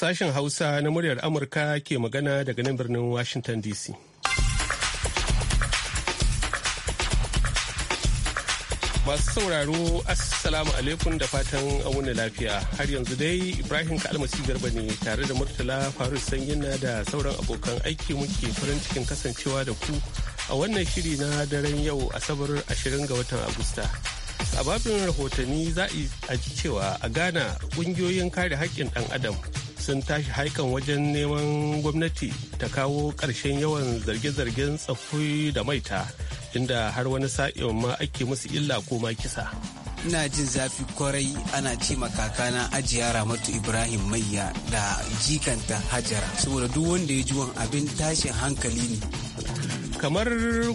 Sashen Hausa na muryar Amurka ke magana daga nan birnin Washington DC. Masu sauraro, Assalamu alaikum da fatan wani lafiya. Har yanzu dai Ibrahim Kalmasi Garba ne tare da Murtala Faruk na da sauran abokan aiki muke farin cikin kasancewa da ku a wannan shiri na daren yau Asabar 20 ga watan Agusta. a babin rahotanni za a ji cewa a ghana ƙungiyoyin kare haƙƙin ɗan adam sun tashi haikan wajen neman gwamnati ta kawo ƙarshen yawan zarge-zargen tsakuri da maita inda har wani sa'in ma ake musu illa ko ma kisa. ina jin zafi kwarai ana ce kakana ajiya ramatu ibrahim maiya da jikanta hajara saboda duk wanda ya ji wani abin tashin hankali ne kamar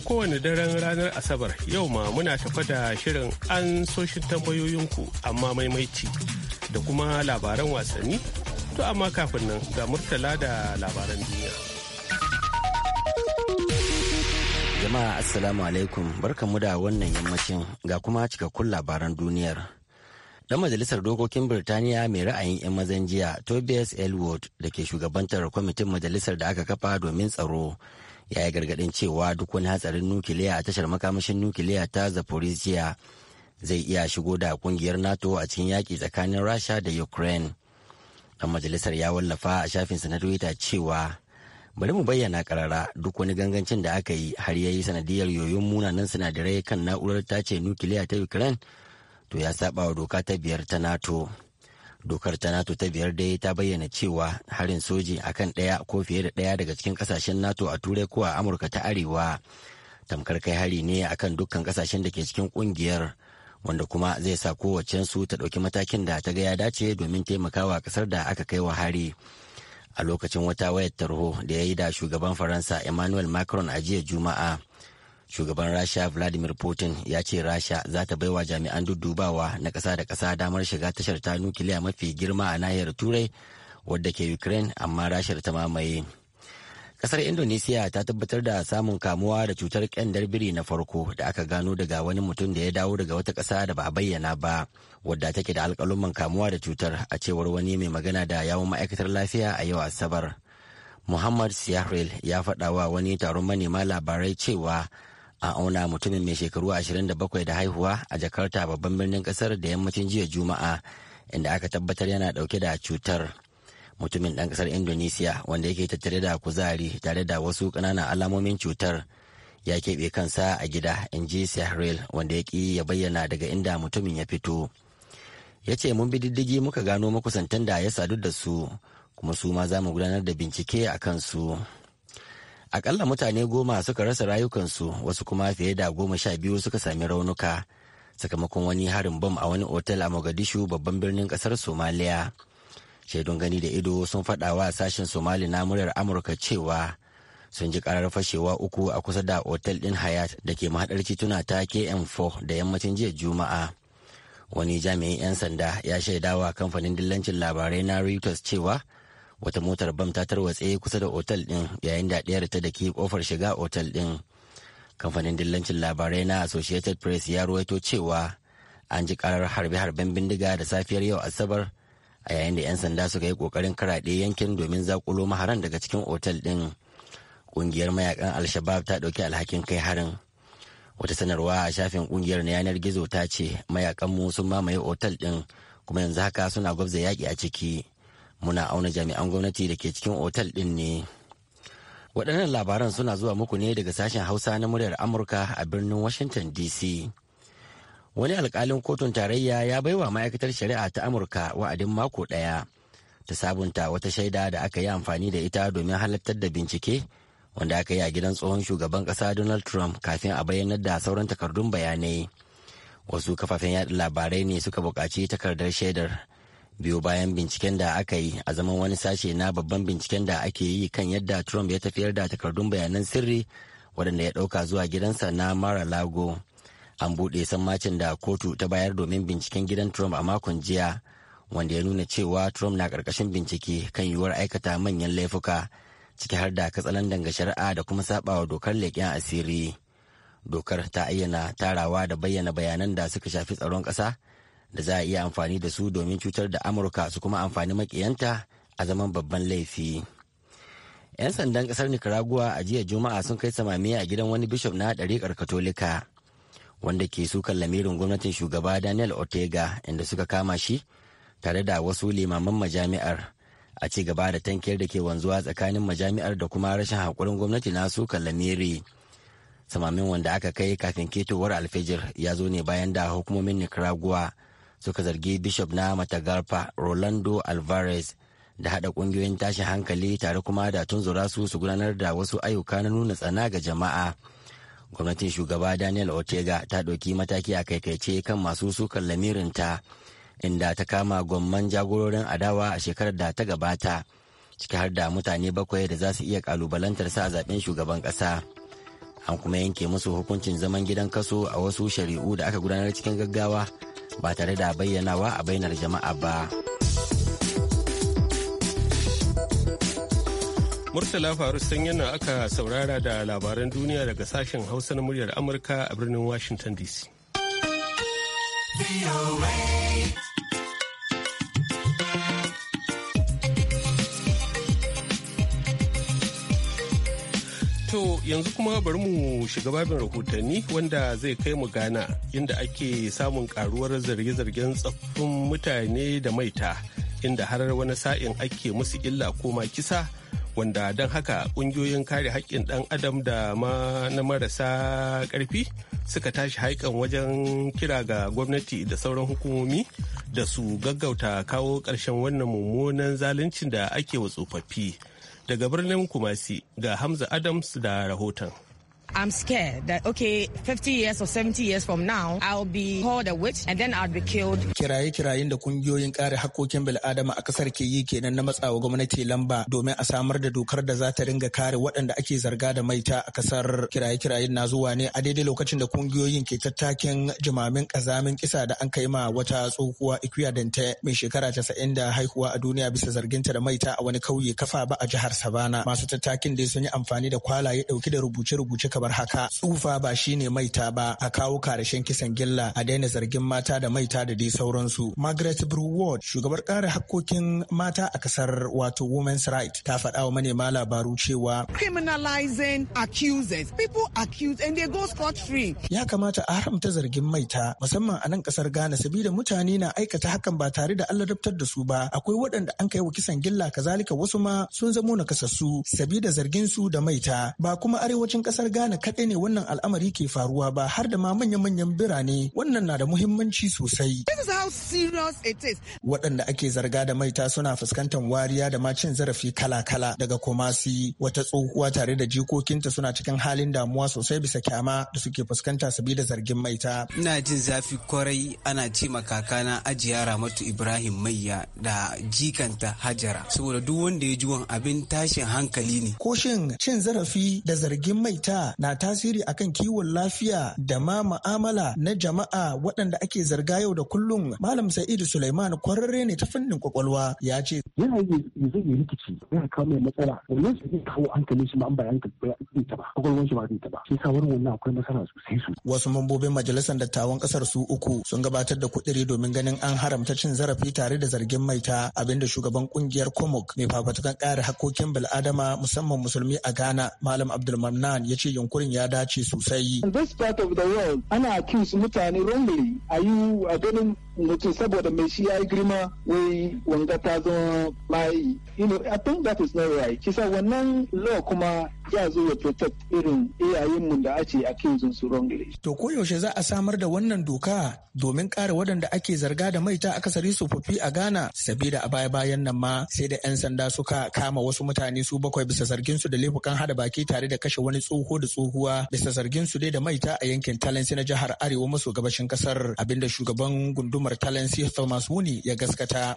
kowane daren ranar asabar yau ma muna tafa da shirin an soshin tambayoyinku amma maimaici da kuma labaran wasanni To amma kafin nan ga Murtala da labaran duniya. Jama'a Assalamu alaikum barkamu da wannan yammacin ga kuma cikakkun labaran duniyar. Dan majalisar dokokin Birtaniya mai ra'ayin 'yan mazan jiya Tobias Elwood da ke shugabantar kwamitin majalisar da aka kafa domin tsaro ya yi gargaɗin cewa duk wani hatsarin nukiliya a tashar makamashin nukiliya ta Zaporizhia zai iya shigo da kungiyar NATO a cikin yaƙi tsakanin Rasha da Ukraine. Dan majalisar ya wallafa a shafinsa na Twitter cewa bari mu bayyana karara duk wani gangancin da aka yi har ya yi sanadiyar yoyon munanan sinadarai kan na'urar tace nukiliya ta Ukraine to ya saba wa doka ta biyar ta NATO. Dokar ta NATO ta biyar dai ta bayyana cewa harin soji akan ɗaya ko fiye da ɗaya daga cikin kasashen NATO a Turai ko a Amurka ta Arewa tamkar kai hari ne akan dukkan kasashen da ke cikin ƙungiyar. wanda kuma zai sa su ta ɗauki matakin da ta ga ya dace domin taimakawa ƙasar da aka kai wa hari. a lokacin wata wayar tarho da ya yi da shugaban faransa emmanuel macron a jiya juma'a shugaban rasha vladimir putin ya ce rasha za ta baiwa jami'an duddubawa na ƙasa da ƙasa damar shiga tashar ta nukiliya mafi girma a nahiyar turai wadda ke ukraine amma rashar ta mamaye Kasar Indonesia ta tabbatar da samun kamuwa da cutar kyandar biri na farko da aka gano daga wani mutum da ya dawo daga wata ƙasa da ba a bayyana ba wadda take da alƙaluman kamuwa da cutar a cewar wani mai magana da yawon ma'aikatar lafiya a yau Asabar. Muhammad Siyahril ya faɗa wa wani taron manema labarai cewa a auna mutumin mai shekaru 27 da haihuwa a Jakarta babban birnin ƙasar da yammacin jiya Juma'a inda aka tabbatar yana ɗauke da cutar. mutumin ɗan ƙasar Indonesia wanda yake tattare da kuzari tare da wasu ƙananan alamomin cutar ya keɓe kansa a gida in ji wanda ya ƙi ya bayyana daga inda mutumin ya fito ya ce mun bi diddigi muka gano makusantan da ya sadu da su kuma su ma za mu gudanar da bincike a kansu akalla mutane goma suka rasa rayukansu wasu kuma fiye da goma sha biyu suka sami raunuka sakamakon wani harin bom a wani otal a mogadishu babban birnin ƙasar somaliya shaidun gani da ido sun faɗa wa sashen somali na muryar amurka cewa sun ji karar fashewa uku a kusa da otel ɗin hayat da ke mahaɗar tituna ta km4 da yammacin jiya juma'a wani jami'in 'yan sanda ya shaidawa kamfanin dillancin labarai na reuters cewa wata motar bam ta tarwatse kusa da otal ɗin yayin da ɗayar ta da ke kofar shiga otal ɗin kamfanin dillancin labarai na associated press ya ruwaito cewa an ji karar harbe-harben bindiga da safiyar yau asabar a yayin da 'yan sanda suka yi kokarin karaɗe yankin domin zakulo maharan daga cikin otal ɗin ƙungiyar mayakan alshabab ta ɗauki alhakin kai harin wata sanarwa a shafin ƙungiyar na yanar gizo ta ce mayakan mu sun mamaye otal ɗin kuma yanzu haka suna gwabza yaƙi a ciki muna auna jami'an gwamnati da ke cikin otal ɗin ne waɗannan labaran suna zuwa muku ne daga sashen hausa na muryar amurka a birnin washington dc wani alkalin kotun tarayya ya bai wa ma'aikatar shari'a ta amurka wa'adin mako daya ta sabunta wata shaida da aka yi amfani da ita domin halartar da bincike wanda aka yi a gidan tsohon shugaban kasa donald trump kafin a bayyanar da sauran takardun bayanai wasu kafafen yaɗa labarai ne suka buƙaci takardar shaidar biyu bayan binciken da aka yi a zaman wani sashe na babban binciken da ake yi kan yadda trump ya tafiyar da takardun bayanan sirri waɗanda ya ɗauka zuwa gidansa na mara lago an buɗe sammacin da kotu ta bayar domin binciken gidan trump a makon jiya wanda ya nuna cewa trump na ƙarƙashin bincike kan yiwuwar aikata manyan laifuka ciki har da katsalandan ga shari'a da kuma saɓawa dokar leƙen asiri dokar ta ayyana tarawa da bayyana bayanan da suka shafi tsaron ƙasa da za a iya amfani da su domin cutar da amurka su kuma amfani makiyanta a zaman babban laifi 'yan sandan ƙasar nicaragua a jiya juma'a sun kai samamiya a gidan wani bishop na ɗarikar katolika wanda ke sukan lamirin gwamnatin shugaba daniel ortega inda suka kama shi tare da wasu limaman majami'ar a ci gaba da tankiyar da ke wanzuwa tsakanin majami'ar da kuma rashin haƙurin gwamnati na sukan lamiri samamin wanda aka kai kafin ketowar alfijir ya zo ne bayan da hukumomin nicaragua suka zargi bishop na matagalpa rolando alvarez da haɗa ƙungiyoyin tashin hankali tare kuma da tunzura su su gudanar da wasu ayyuka na nuna tsana ga jama'a gwamnatin shugaba daniel ortega ta ɗauki mataki a kaikaice kan masu sukar lamirinta inda ta kama gwamman jagororin adawa a shekarar da ta gabata ciki har da mutane bakwai da za su iya kalubalantar sa a zaben shugaban ƙasa an kuma yanke musu hukuncin zaman gidan kaso a wasu shari'u da aka gudanar cikin gaggawa ba tare da bayyanawa a bainar jama'a ba. Murtala Faru yana aka saurara da labaran duniya daga sashen Hausa na muryar Amurka a birnin Washington DC. To yanzu kuma bari mu shiga babin rahotanni wanda zai kai mu gana inda ake samun karuwar zarge-zargen tsaffin mutane da maita inda har wani sa'in ake musu illa ko ma kisa. wanda don haka kungiyoyin kare haƙƙin ɗan adam da ma na marasa ƙarfi suka tashi haikan wajen kira ga gwamnati da sauran hukumomi da su gaggauta kawo ƙarshen wannan mummunan zaluncin da ake wa tsofaffi daga birnin kumasi ga hamza adams da rahoton I'm scared that okay, 50 years or 70 years from now, I'll be called a witch and then I'll be killed. Kiraye-kirayen da kungiyoyin kare hakokin bil'adama a kasar ke yi kenan na matsawa gwamnati lamba domin a samar da dokar da za ta ringa kare waɗanda ake zarga da maita a kasar. Kiraye-kirayen na zuwa ne a daidai lokacin da kungiyoyin ke tattakin jimamin kazamin kisa da an kai ma wata tsohuwa Ikuya Dante mai shekara 90 da haihuwa a duniya bisa zarginta da maita a wani kauye kafa ba a jihar Sabana. Masu tattakin dai sun yi amfani da kwalaye ɗauke da rubuce-rubuce kamar haka tsufa ba shine maita ba a kawo karshen kisan gilla a daina zargin mata da maita da dai sauransu margaret brewer shugabar kare hakkokin mata a kasar wato women's right ta faɗa wa manema labaru cewa criminalizing accuses people accuse and they go scot free ya kamata a haramta zargin maita musamman a nan kasar ghana sabida mutane na aikata hakan ba tare da allah da su ba akwai waɗanda an kai wa kisan gilla kazalika wasu ma sun zamo nakasassu sabida zargin su da maita ba kuma arewacin kasar ghana ƙanana kaɗai ne wannan al'amari ke faruwa ba har da ma manya-manyan birane wannan na da muhimmanci sosai. Waɗanda ake zarga da maita suna fuskantar wariya da ma cin zarafi kala-kala daga Kumasi wata tsohuwa tare da jikokinta suna cikin halin damuwa sosai bisa kyama da suke fuskanta su da zargin maita. Ina jin zafi kwarai ana ce ma kakana ajiya Ramatu Ibrahim Maiya da jikanta Hajara saboda duk wanda ya ji abin tashin hankali ne. Ko shin cin zarafi da zargin maita na tasiri akan kiwon lafiya da ma ma'amala na jama'a waɗanda ake zarga yau da kullum malam sa'idu suleiman kwararre ne ta fannin kwakwalwa ya ce yana yi zai yi rikici yana kawo mai matsala wannan su zai kawo hankalin shi ma an bayan ta ba kwakwalwar shi ba zai ta ba sai sawar wannan akwai matsala sosai su wasu mambobin majalisar dattawan kasar su uku sun gabatar da kuɗiri domin ganin an haramta cin zarafi tare da zargin maita abinda shugaban kungiyar komok mai fafatukan kare hakokin bil'adama musamman musulmi a ghana malam abdulmanan ya ce yunkurin ya dace sosai. In this part of the world ana accuse mutane wrongly a yi a ganin mutum saboda mai shi ya girma wai wanga ta zama mai you know i think that is not right kisa wannan law kuma ya zo ya protect irin iyayenmu da ake accusing su wrongly to koyaushe za a samar da wannan doka domin kare waɗanda ake zarga da maita akasari tsofaffi a Ghana sabida a baya bayan nan ma sai da 'yan sanda suka kama wasu mutane su bakwai bisa zargin su da laifukan hada baki tare da kashe wani tsoho da tsohuwa bisa zargin su dai da maita a yankin Talensi na jihar Arewa maso gabashin kasar abinda shugaban gunduma Murtalan Thomas Wuni ya gaskata.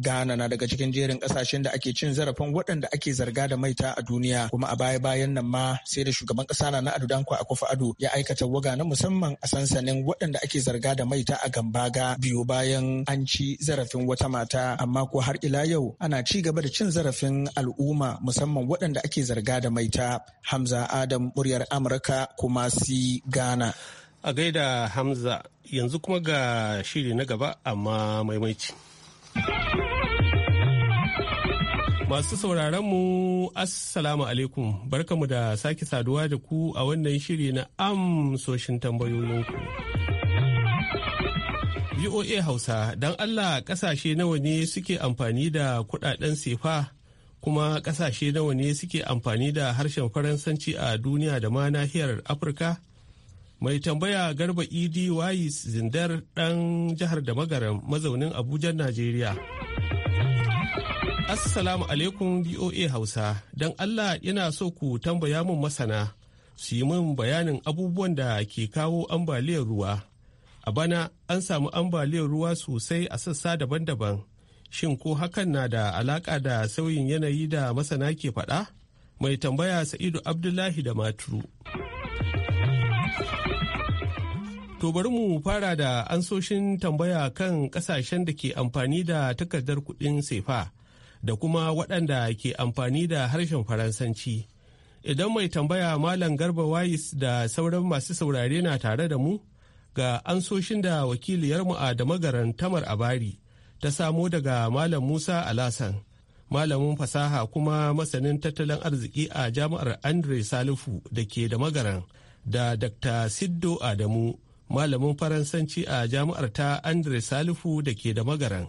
Ghana na daga cikin jerin kasashen da ake cin zarafin waɗanda ake zarga da maita a duniya kuma a baya-bayan nan ma sai da shugaban ƙasa na Ado Danko Akufo Ado ya aikata waga na musamman a sansanin waɗanda ake zarga da maita a Gambaga biyu bayan an ci zarafin wata mata amma ko har ila yau ana ci gaba da cin zarafin al'umma musamman waɗanda ake zarga da maita Hamza Adam muryar Amurka kuma si Ghana. a gaida hamza yanzu kuma ga shiri na gaba amma maimaici masu sauraron mu assalamu alaikum barkamu da sake saduwa da ku a wannan shiri na amsoshin tambayoyin ku. voa hausa don allah kasashe nawa ne suke amfani da kudaden sefa kuma kasashe nawa ne suke amfani da harshen faransanci a duniya da ma nahiyar afirka mai tambaya garba idi wayis zindar ɗan jihar da magaram mazaunin abuja najeriya assalamu alaikum voa hausa don allah yana so ku tambaya min masana su yi min bayanin abubuwan da ke kawo ambaliyar ruwa a bana an samu ambaliyar ruwa sosai a sassa daban-daban shin ko hakan na da alaka da sauyin yanayi da masana ke faɗa mai tambaya sa'idu abdullahi da maturu To bari mu fara da ansoshin tambaya kan kasashen da ke amfani da takardar kudin sefa da kuma waɗanda ke amfani da harshen Faransanci. Idan mai tambaya Malam Garba Wais da sauran masu saurare na tare da mu ga ansoshin da wakiliyarmu a damagaran Tamar Abari ta samo daga Malam Musa Alasan. malamin fasaha kuma masanin tattalin arziki a jami'ar andre salifu da ke da magaran da dr siddo adamu malamin faransanci a jami'ar ta andre salifu da ke da magaran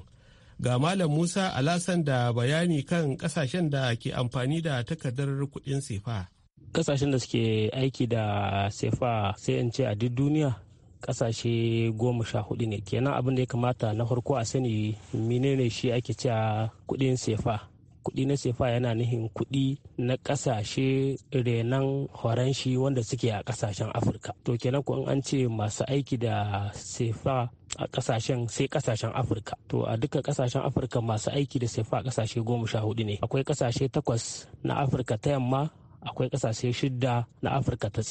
ga malam musa alasan da bayani kan kasashen da ke amfani da takardar kuɗin sefa kasashen da suke aiki da sefa sai in ce a duk duniya kasashe goma sha hudu ne kenan abin da ya kamata na farko a sani menene shi ake cewa kuɗin sefa kuɗi na sefa yana nihin kuɗi na ƙasashe renan horanshi wanda suke a ƙasashen afirka to kenan ko an ce masu aiki da sefa a kasashen sai kasashen afirka to a duka kasashen afirka masu aiki da sefa a kasashe goma sha hudu ne akwai kasashe takwas na afirka ta yamma akwai kasashe shida na afirka ta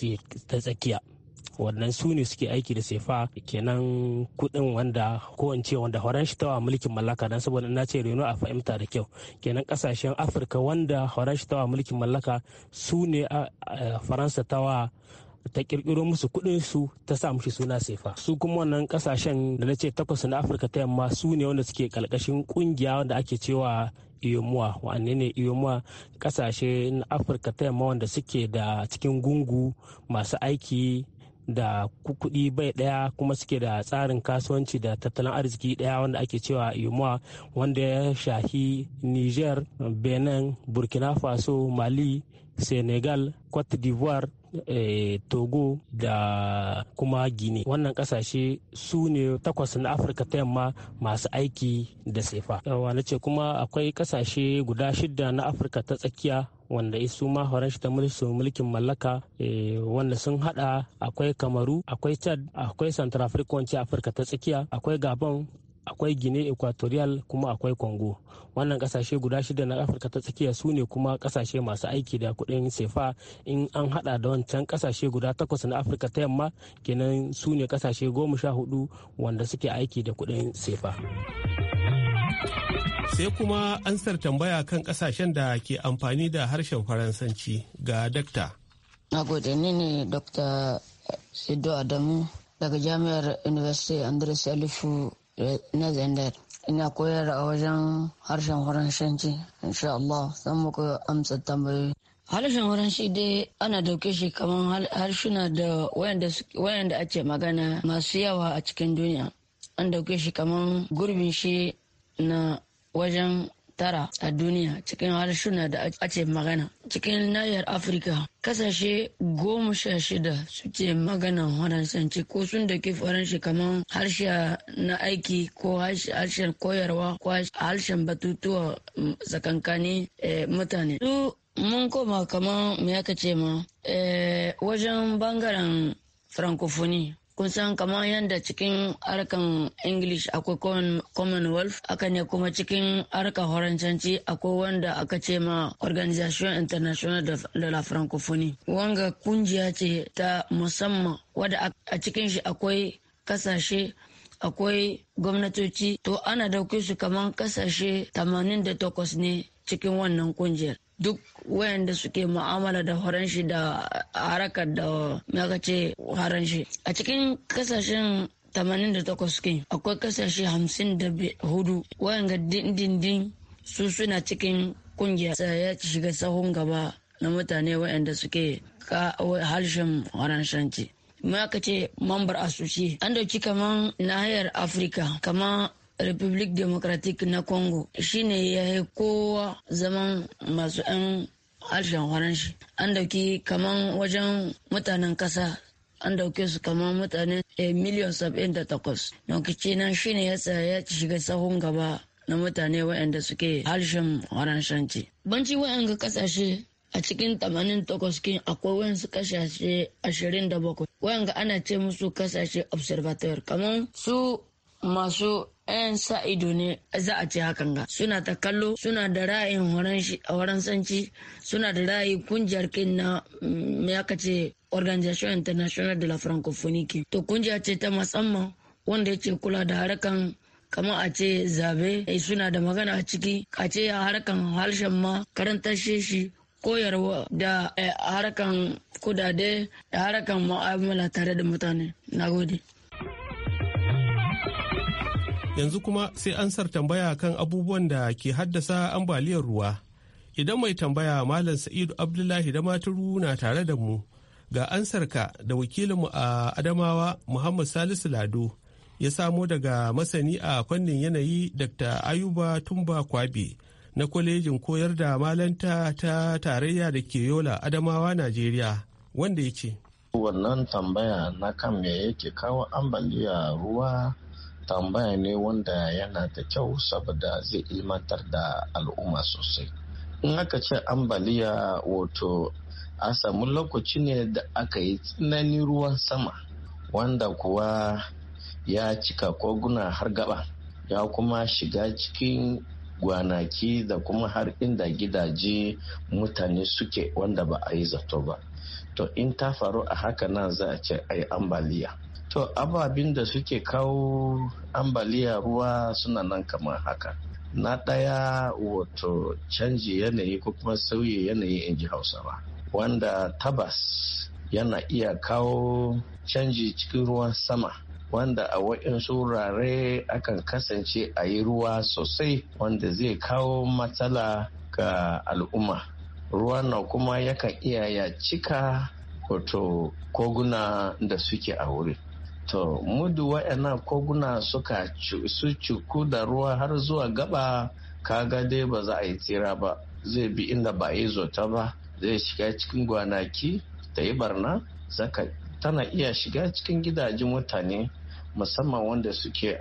tsakiya wannan su ne suke aiki da sefa kenan kuɗin wanda ko in ce wanda horon shi tawa mulkin mallaka dan saboda na ce reno a fahimta da kyau kenan kasashen afirka wanda horon shi tawa mulkin mallaka su ne a faransa tawa ta kirkiro musu kuɗin su ta sa mushi suna sefa su kuma wannan kasashen da na ce takwas na afirka ta yamma su ne wanda suke kalkashin kungiya wanda ake cewa iyomuwa wa'anne ne iyomuwa kasashe na afirka ta yamma wanda suke da cikin gungu masu aiki da kuɗi bai ɗaya kuma suke da tsarin kasuwanci da tattalin arziki ɗaya wanda ake cewa yumuwa wanda ya shahi niger benin burkina faso mali senegal cote d'ivoire E, togo da kuma gini wannan kasashe su ne takwas na afirka ta yamma masu aiki da sefa wane ce kuma akwai kasashe guda shida na afirka ta tsakiya wanda isu ma horon ta mulkin mallaka eh, wanda sun hada akwai kamaru akwai chad akwai central africa wance afirka ta tsakiya akwai gabon akwai guinea equatorial kuma akwai congo wannan kasashe guda shida na afirka ta tsakiya su ne kuma kasashe masu aiki da kudin sefa in an hada da wancan kasashe guda takwas na afirka ta yamma kenan su ne kasashe goma sha hudu wanda suke aiki da kudin sefa sai kuma ansar tambaya kan kasashen da ke amfani da harshen faransanci ga dakta na gode ne dr sido adamu daga jami'ar university andres alifu eh, na Zender. ina koyar a wajen harshen faransanci insha Allah zan muku amsa tambayoyi harshen faransanci dai ana dauke shi kamar harshuna da wayanda ake magana masu yawa a cikin duniya an dauke shi kamar gurbin shi na wajen tara a duniya cikin harsuna da ake magana cikin nahiyar afirka kasashe goma sha shida suke magana faransanci ko sun ke faranshi kamar harshe na aiki ko harshen koyarwa ko harshen batutuwa mm, tsakankani eh, mutane su mun koma kamar ya aka ce ma eh, wajen bangaren francophonie kun san kamar yadda cikin harkan english akwai commonwealth aka ne kuma cikin harkar horancanci akwai wanda aka ce ma organization international de la francophonie wanga kungiya ce ta musamman wadda a cikin shi akwai kasashe akwai gwamnatoci to ana dauke su kamar kasashe 88 ne cikin wannan kungiyar duk wayanda suke mu'amala da faranshi da harakar da maka ce faranshi a cikin kasashen 88 suke akwai kasashe 54 wayanga dindindin su suna cikin sa ya shiga sahun gaba na mutane wayanda suke harshen faranshanci maka ce mambar asusi an dauki kaman nahiyar afirka kaman republic democratic na congo shine ya yi kowa zaman masu 'yan harshen faranshi an dauki kaman wajen mutanen kasa an dauke su kamar mutane eh, miliyan saba'in da takwas lokaci nan shine ya tsaya ya shiga sahun gaba na mutane waɗanda suke harshen faranshanci banci waɗanda kasashe a cikin 88 kin akwai wayansu kasashe 27 wayanga ana ce musu kasashe observatory kamar su masu 'yan sa ido ne za a ce hakan ga suna ta kallo suna da ra'ayin faransanci suna da ra'ayi kungiyar kai na ya mm, ce organisation international de la francophonie ke to kungiya ce ta musamman wanda ya ce kula da harkan kamar a ce zabe eh, suna da magana a ciki a ce a harkan harshen ma karantar sheshi koyarwa da eh, harkan kudade da harkan mu'amala tare da mutane na gode Yanzu kuma sai ansar tambaya kan abubuwan da ke haddasa ambaliyar ruwa. Idan mai tambaya Malam Sa'idu Abdullahi Damaturu na tare da mu ga ansarka da wakilinmu a Adamawa Muhammad Salisu Lado ya samo daga masani a fannin yanayi Dr. Ayuba Tumba Kwabe. na kwalejin koyar da malanta ta tarayya da ke yola adamawa najeriya wanda ya ce wannan tambaya na kan me yake kawo ambaliya ruwa tambaya ne wanda yana da kyau saboda zai ilmantar da al'umma sosai in aka ce ambaliya wato a samu lokaci ne da aka yi tsananin ruwan sama wanda kuwa ya cika koguna har gaba ya kuma shiga cikin gwanaki da kuma har inda gidaje mutane suke wanda ba a yi zato ba to in ta faru a haka nan za a ce ai ambaliya To ababin da suke kawo ambaliya ruwa suna nan kamar haka. Na ɗaya wato canji yanayi ko kuma sauyi yanayi in ji Hausawa. Wanda tabas yana iya kawo canji cikin ruwan sama. Wanda a waɗansu wurare akan kasance a yi ruwa sosai wanda zai kawo matsala ga al'umma. Ruwan na kuma yakan iya ya cika wato koguna da suke a wurin. to mudu wa'annan koguna suka su ciku da ruwa har zuwa gaba kaga dai ba za a yi tsira ba zai bi inda ba a yi zota ba zai shiga cikin gwanaki ta yi barna zaka tana iya shiga cikin gidajen mutane musamman wanda suke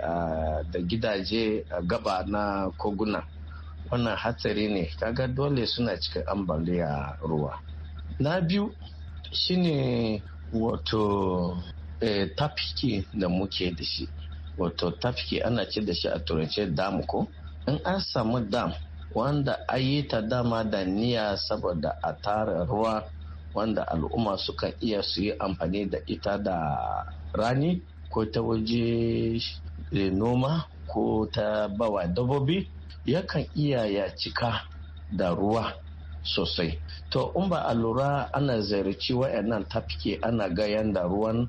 da gidaje a gaba na koguna wannan hatsari ne kaga dole suna cikin ambaliya ruwa na biyu shine wato Eh, tafki da muke da shi wato tafki ana ce da shi a turance dam ko in an samu dam wanda a ta dama da niyya saboda a tara ruwa wanda al'umma suka iya su yi amfani da ita da rani ko ta waje eh, noma ko ta bawa dabobi yakan iya ya cika da ruwa sosai to in ba a lura ana ziyarci wayannan tafke ana ga da ruwan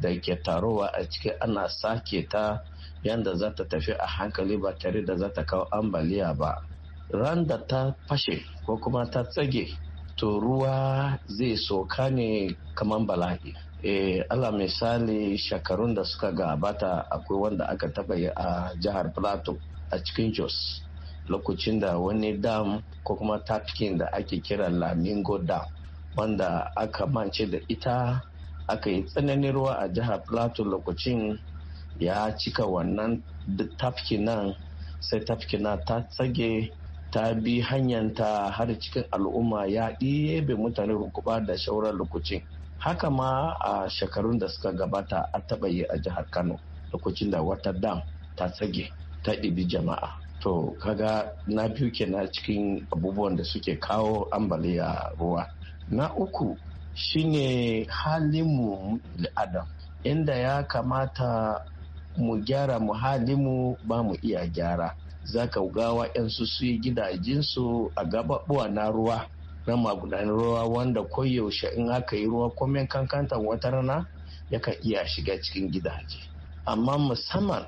da ke tarowa a ciki ana sake ta yadda za ta tafi a hankali ba tare da za ta kawo ambaliya ba ran da ta fashe ko kuma ta tsage to ruwa zai soka ne kamar bala'i Eh ala misali shekarun da suka gabata akwai wanda aka taba yi a jihar plateau a cikin jos lokacin da wani dam ko kuma tafkin da ake kira lamingo dam wanda aka mance da ita aka yi tsananin ruwa a jihar plateau lokacin ya cika wannan tafki nan sai tafki na ta tsage ta bi hanyanta har cikin al'umma ya ɗebe mutane rukuba da shauran lokacin haka ma a shekarun da suka gabata a taɓa yi a jihar kano lokacin da wata dam ta tsage ta ɗibi jama'a to kaga na biyu kenan cikin abubuwan da suke kawo ambaliya ruwa na uku shine halinmu adam inda ya kamata mu gyara mu halinmu ba mu iya gyara za ka gawa yansu su yi gidajensu a gababuwa na ruwa na magudanin ruwa wanda koyaushe in aka yi ruwa komen kankantar wata rana yakan iya shiga cikin gidaje amma musamman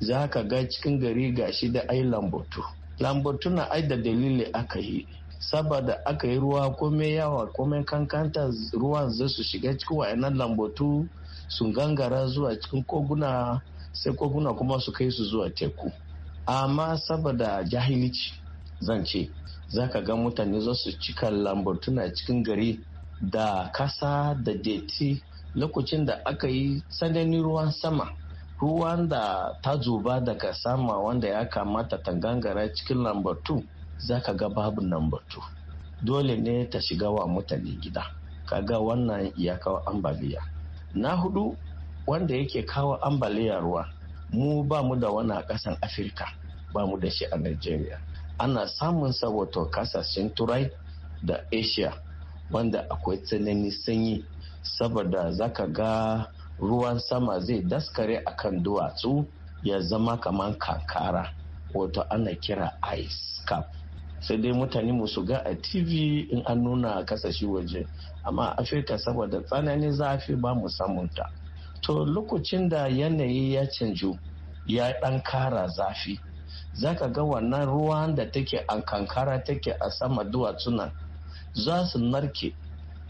za ka ga cikin gari gashi da ai lambatu lambatu na ai da dalili aka yi saboda aka yi ruwa komai yawa komai kankanta ruwan zai su shiga cikin wa'annan lambatu su gangara zuwa cikin koguna sai koguna kuma su kai su zuwa teku amma saboda jahilici zan ce za ka ga mutane za su cika lambatuna cikin gari da kasa da deti lokacin da aka yi tsananin ruwan sama ruwan da ta zuba daga sama wanda ya kamata ta gangara cikin lambatu za ka ga babu number two dole ne ta shiga wa mutane gida ka ga wannan ya kawo ambaliya na hudu wanda yake kawo ambaliya ruwa mu ba mu da wani a kasan afirka ba mu da shi a nigeria ana samun wato kasashen turai da asia wanda akwai tsanani sanyi saboda zaka ga ruwan sama zai daskare a kan duwatsu ya zama kamar kankara wato ana kira ice cap sai dai mutane mu su ga a tv in an nuna a kasashe waje amma afirka saboda tsananin zafi ba mu samunta to lokacin da yanayi ya canju ya dan kara zafi zaka ga wannan ruwan da take a kankara take a sama duwatsuna za su narke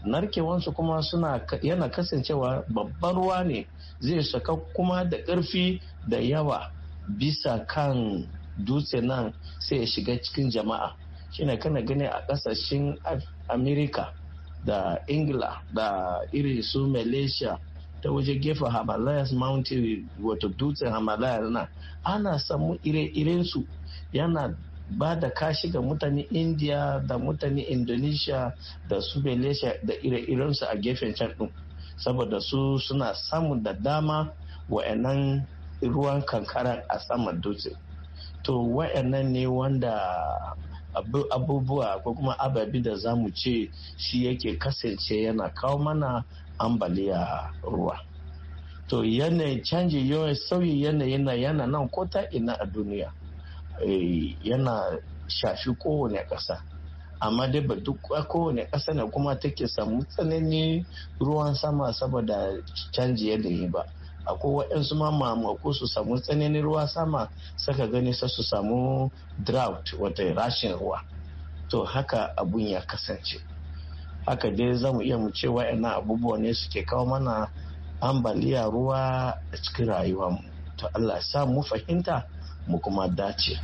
narkewansu kuma suna yana kasancewa babban ruwa ne zai saka kuma da ƙarfi da yawa bisa kan dutse nan sai ya shiga cikin jama'a shine kana gani a kasashen america da ingila da irin su malaysia ta waje gefe himalayas mountain wato dutsen himalayas na ana samu ire su yana ba da kashi ga mutane india da mutane indonesia da su malaysia da ire-irensu a gefen can din saboda su suna samun da dama wa'annan ruwan kankara a saman dutse to wa'annan ne wanda abubuwa ko kuma ababi da za mu ce shi yake kasance yana kawo mana ambaliya ruwa to yanayin canji yawan sauyi yanayi na yana nan ko ta ina a duniya eh, yana shafi kowane ƙasa amma dai ba duk kowane ƙasa ne kuma take samu tsanani ruwan sama saboda canji yanayi ba akwai waɗansu ma mamako su samu tsananin ruwa sama saka gani sa su samu drought wata rashin ruwa to haka abun ya kasance haka dai za mu iya mu ce wa'annan abubuwa ne suke kawo mana ambaliya ruwa a cikin rayuwa mu to Allah sa mu fahimta mu kuma dace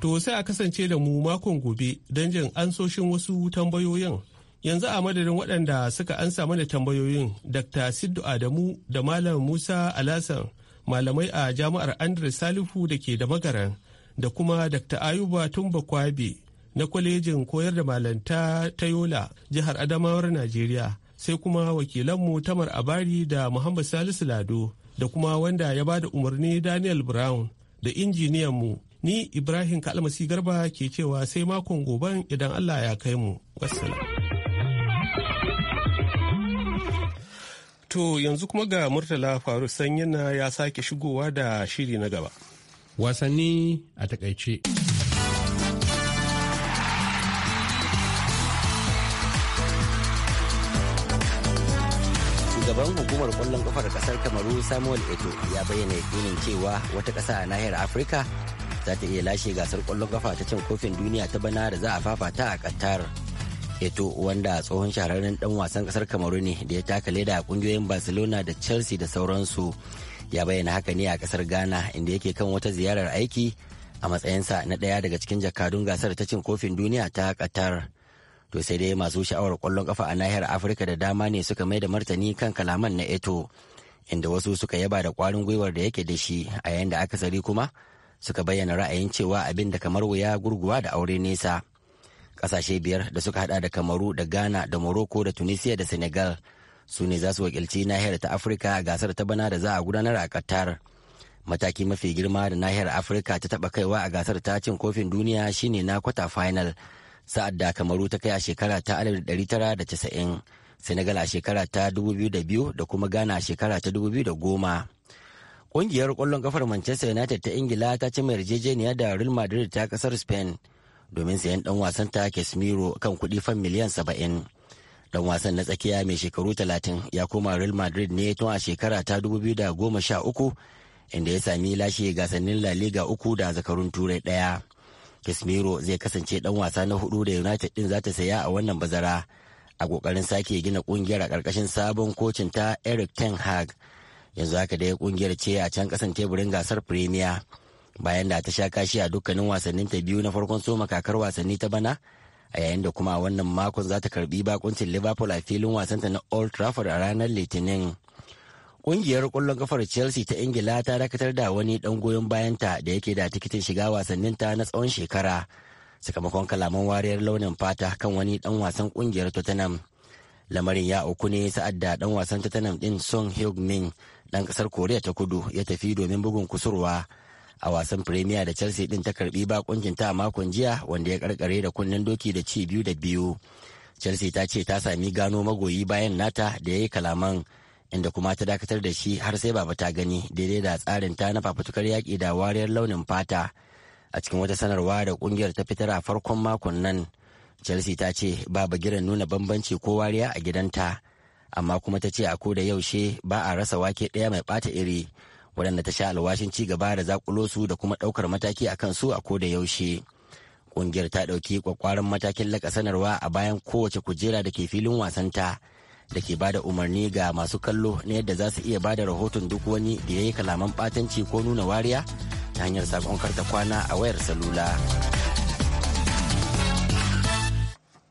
to sai a kasance da mu makon gobe don jin ansoshin wasu tambayoyin yanzu a madadin waɗanda suka ansa mana tambayoyin dr siddu adamu da malam musa alasan malamai a jami'ar andres salihu da ke da magaran da kuma dr ayuba tumba kwabe na kwalejin koyar da malanta ta yola jihar adamawar najeriya sai kuma wakilanmu tamar abari da muhammad salisu lado da kuma wanda ya bada umarni daniel brown da injiniyanmu ni ibrahim kalmasi garba ke cewa sai makon goban idan allah ya kai mu wassalam To yanzu kuma ga Murtala Faru Sanyina ya sake shigowa da shiri na gaba. Wasanni a takaice. Shugaban hukumar kwallon kafar kasar Kamaru Samuel Eto ya bayyana yakinin cewa wata ƙasa a nahiyar Afirka za ta iya lashe gasar kwallon kafa ta cin kofin duniya ta bana da za a fafata a Qatar. eto wanda tsohon shahararren dan wasan kasar kamaru ne da ya taka leda a kungiyoyin barcelona da chelsea da sauransu ya bayyana haka ne a kasar ghana inda yake kan wata ziyarar aiki a matsayinsa na daya daga cikin jakadun gasar ta cin kofin duniya ta qatar to sai dai masu sha'awar kwallon kafa a nahiyar afirka da dama ne suka mai da martani kan kalaman na eto inda wasu suka yaba da kwarin gwiwar da yake da shi a yayin da akasari kuma suka bayyana ra'ayin cewa abin da kamar wuya gurguwa da aure nesa Ƙasashe biyar da suka hada da Kamaru da Ghana da Morocco da Tunisia da Senegal su ne za su wakilci nahiyar ta Afirka a gasar ta bana da za a gudanar a Qatar. Mataki mafi girma da nahiyar Afirka ta taba kaiwa a gasar ta cin kofin duniya shine na kwata final sa'ad da Kamaru ta kai a shekara ta 1990. Senegal a shekara ta 2002 da kuma Ghana a shekara ta 2010. Ƙungiyar ƙwallon kafar Manchester United ta Ingila ta ci mai yarjejeniya da Real Madrid ta kasar Spain domin sayan dan wasan ta Casemiro kan kuɗi fan miliyan saba'in. Dan wasan na tsakiya mai shekaru talatin ya koma Real Madrid ne tun a shekara ta da goma sha uku inda ya sami lashe gasannin La Liga uku da zakarun Turai ɗaya. Casemiro zai kasance dan wasa na hudu da United din za ta saya a wannan bazara a kokarin sake gina kungiyar a karkashin sabon kocin ta Eric Ten Hag. Yanzu haka dai kungiyar ce a can kasan teburin gasar Premier. bayan da ta sha kashi a dukkanin wasannin ta biyu na farkon soma kakar wasanni ta bana a yayin da kuma a wannan makon za ta karbi bakuncin liverpool a filin wasanta na old trafford a ranar litinin kungiyar kwallon kafar chelsea ta ingila ta dakatar da wani dan goyon bayanta da yake da tikitin shiga wasannin ta na tsawon shekara sakamakon kalaman wariyar launin fata kan wani dan wasan kungiyar tottenham lamarin ya uku ne sa'ad da dan wasan tottenham din son heung min dan kasar koriya ta kudu ya tafi domin bugun kusurwa a wasan premier da chelsea din ta karbi bakuncin ta a makon jiya wanda ya karkare da kunnen doki da ci biyu da biyu chelsea ta ce ta sami gano magoyi bayan nata da ya yi kalaman inda kuma ta dakatar da shi har sai baba ta gani daidai da tsarin ta na fafutukar yaƙi da wariyar launin fata a cikin wata sanarwa da kungiyar ta fitar a farkon makon nan chelsea ta ce babu giran nuna bambanci ko wariya a gidanta amma kuma ta ce a ko da yaushe ba a rasa wake ɗaya mai ɓata iri waɗanda ta sha alwashin ci gaba da zakulo su da kuma ɗaukar mataki a su a da yaushe. Ƙungiyar ta ɗauki ƙwaƙwaran matakin laka sanarwa a bayan kowace kujera da ke filin wasanta da ke bada umarni ga masu kallo na yadda za su iya da rahoton duk wani da ya yi kalaman ɓatanci ko nuna wariya ta hanyar saƙon karta kwana a wayar salula.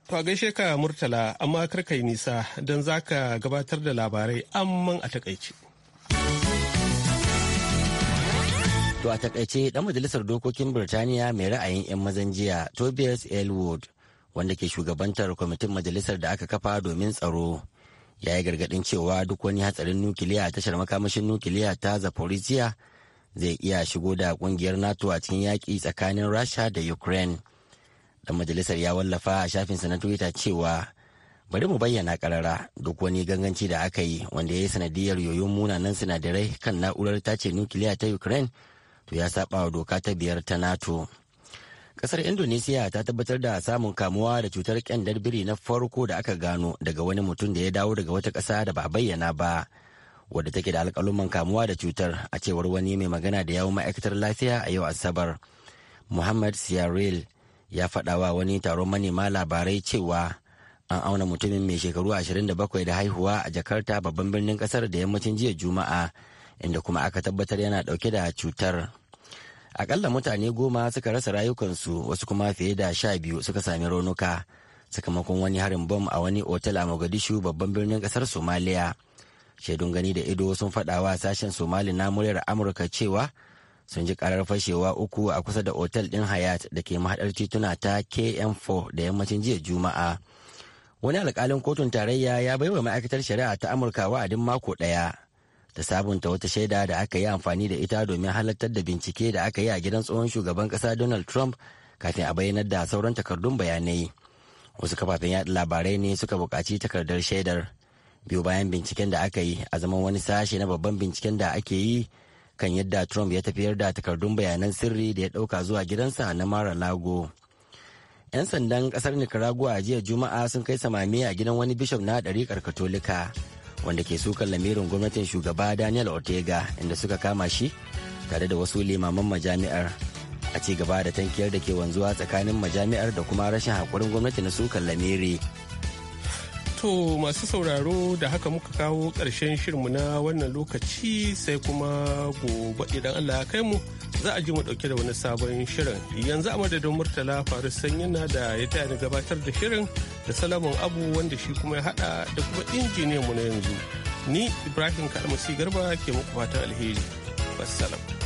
To gaishe ka Murtala amma yi nisa don za ka gabatar da labarai amman a takaice. To a takaice dan majalisar dokokin Birtaniya mai ra'ayin 'yan mazan jiya Tobias Elwood wanda ke shugabantar kwamitin majalisar da aka kafa domin tsaro ya yi gargadin cewa duk wani hatsarin nukiliya a tashar makamashin nukiliya ta Zaporizhia zai iya shigo da kungiyar NATO a cikin yaƙi tsakanin Rasha da Ukraine. Dan majalisar ya wallafa a shafinsa na Twitter cewa bari mu bayyana karara duk wani ganganci da aka yi wanda ya yi sanadiyar yoyon munanan sinadarai kan na'urar tace nukiliya ta Ukraine to ya saba wa doka ta biyar ta nato kasar Indonesia ta tabbatar da samun kamuwa da cutar kyandar biri na farko da aka gano daga wani mutum da ya dawo daga wata ƙasa da ba bayyana ba wadda take da alƙaluman kamuwa da cutar a cewar wani mai magana da yawon ma'aikatar lafiya a yau asabar muhammad siyaril ya faɗawa wani taron manema labarai cewa an auna mutumin mai shekaru 27 da haihuwa a jakarta babban birnin kasar da yammacin jiya juma'a inda kuma aka tabbatar yana dauke da cutar akalla mutane goma suka rasa rayukansu wasu kuma fiye da sha biyu suka sami raunuka sakamakon wani harin bom a wani otal a mogadishu babban birnin kasar somaliya shaidun gani da ido sun faɗa wa sashen somali na muryar amurka cewa sun ji karar fashewa uku a kusa da otal din hayat da ke mahaɗar tituna ta km4 da yammacin jiya juma'a wani alkalin kotun tarayya ya baiwa ma'aikatar shari'a ta amurka wa'adin mako ɗaya da sabunta wata shaida da aka yi amfani da ita domin halartar da bincike da aka yi a gidan tsohon shugaban kasa donald trump kafin a bayyanar da sauran takardun bayanai wasu kafafen yaɗa labarai ne suka buƙaci takardar shaidar biyu bayan binciken da aka yi a zaman wani sashe na babban binciken da ake yi kan yadda trump ya tafiyar da takardun bayanan sirri da ya ɗauka zuwa gidansa na mara lago 'yan sandan ƙasar nicaragua jiya juma'a sun kai samami a gidan wani bishop na ɗariƙar katolika wanda ke sukan lamirin gwamnatin shugaba daniel ortega inda suka kama shi tare da wasu limaman majami'ar a ci gaba da tankiyar da ke wanzuwa tsakanin majami'ar da kuma rashin haƙurin gwamnati na sukan lamiri To masu sauraro da haka muka kawo ƙarshen shirinmu na wannan lokaci sai kuma gobe idan Allah ya kai mu za a ji mu ɗauke da wani sabon shirin. Yanzu a madadin Murtala Faris Sanyina da ya taya ni gabatar da shirin da Salamun Abu wanda shi kuma ya haɗa da kuma injiniyan mu na yanzu. Ni Ibrahim Kalmasi Garba ke muku fatan alheri. Wassalam.